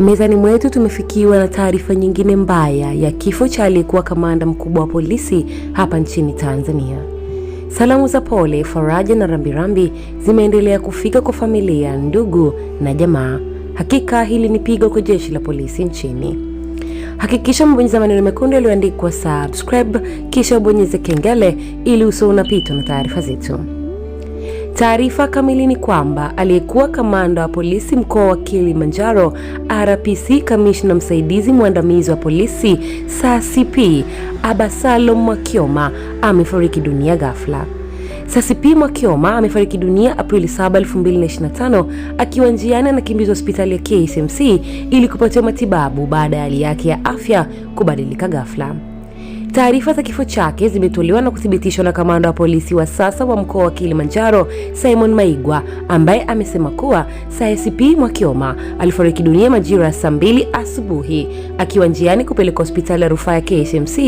Mezani mwetu tumefikiwa na taarifa nyingine mbaya ya kifo cha aliyekuwa kamanda mkubwa wa polisi hapa nchini Tanzania. Salamu za pole, faraja na rambirambi zimeendelea kufika kwa familia, ndugu na jamaa. Hakika hili ni pigo kwa jeshi la polisi nchini. Hakikisha mbonyeza maneno mekundu yaliyoandikwa subscribe, kisha ubonyeze kengele ili usio unapitwa na taarifa zetu. Taarifa kamili ni kwamba aliyekuwa kamanda wa polisi mkoa wa Kilimanjaro RPC, kamishna msaidizi mwandamizi wa polisi SACP Abasalom Mwakioma amefariki dunia ghafla. SACP Mwakioma amefariki dunia Aprili 7, 2025 akiwa njiani anakimbizwa hospitali ya KCMC ili kupatiwa matibabu baada ya hali yake ya afya kubadilika ghafla. Taarifa za kifo chake zimetolewa na kuthibitishwa na kamanda wa polisi wa sasa wa mkoa wa Kilimanjaro, Simon Maigwa, ambaye amesema kuwa SACP mwakioma alifariki dunia majira ya saa mbili asubuhi akiwa njiani kupeleka hospitali ya rufaa ya KHMC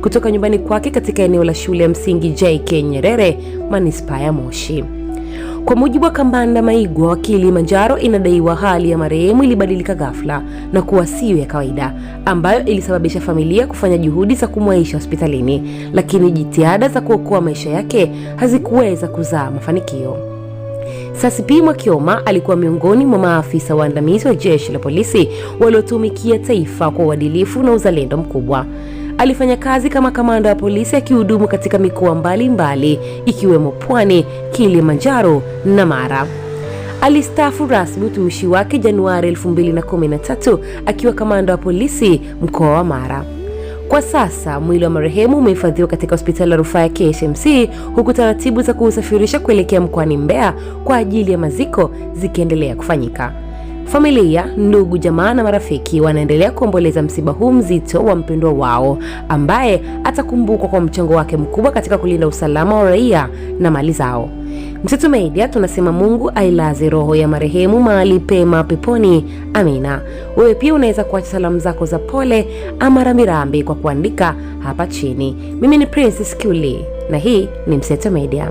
kutoka nyumbani kwake katika eneo la shule ya msingi JK Nyerere, manispaa ya Moshi. Kwa mujibu wa Kambanda Maigwa wa manjaro inadaiwa hali ya marehemu ilibadilika ghafla na kuwa siyo ya kawaida, ambayo ilisababisha familia kufanya juhudi za kumwaisha hospitalini, lakini jitihada za kuokoa maisha yake hazikuweza kuzaa mafanikio. Sasipi Mwakioma alikuwa miongoni mwa maafisa waandamizi wa jeshi la polisi waliotumikia taifa kwa uadilifu na uzalendo mkubwa alifanya kazi kama kamanda wa polisi akihudumu katika mikoa mbalimbali ikiwemo Pwani, Kilimanjaro na Mara. Alistaafu rasmi utumishi wake Januari 2013 akiwa kamanda wa polisi mkoa wa Mara. Kwa sasa mwili wa marehemu umehifadhiwa katika hospitali ya rufaa ya KSMC huku taratibu za kuusafirisha kuelekea mkoani Mbeya kwa ajili ya maziko zikiendelea kufanyika. Familia, ndugu, jamaa na marafiki wanaendelea kuomboleza msiba huu mzito wa mpendwa wao ambaye atakumbukwa kwa mchango wake mkubwa katika kulinda usalama wa raia na mali zao. Mseto Media tunasema Mungu ailaze roho ya marehemu mahali pema peponi, amina. Wewe pia unaweza kuacha salamu zako za pole ama rambirambi kwa kuandika hapa chini. Mimi ni Princess Kiuli na hii ni Mseto Media.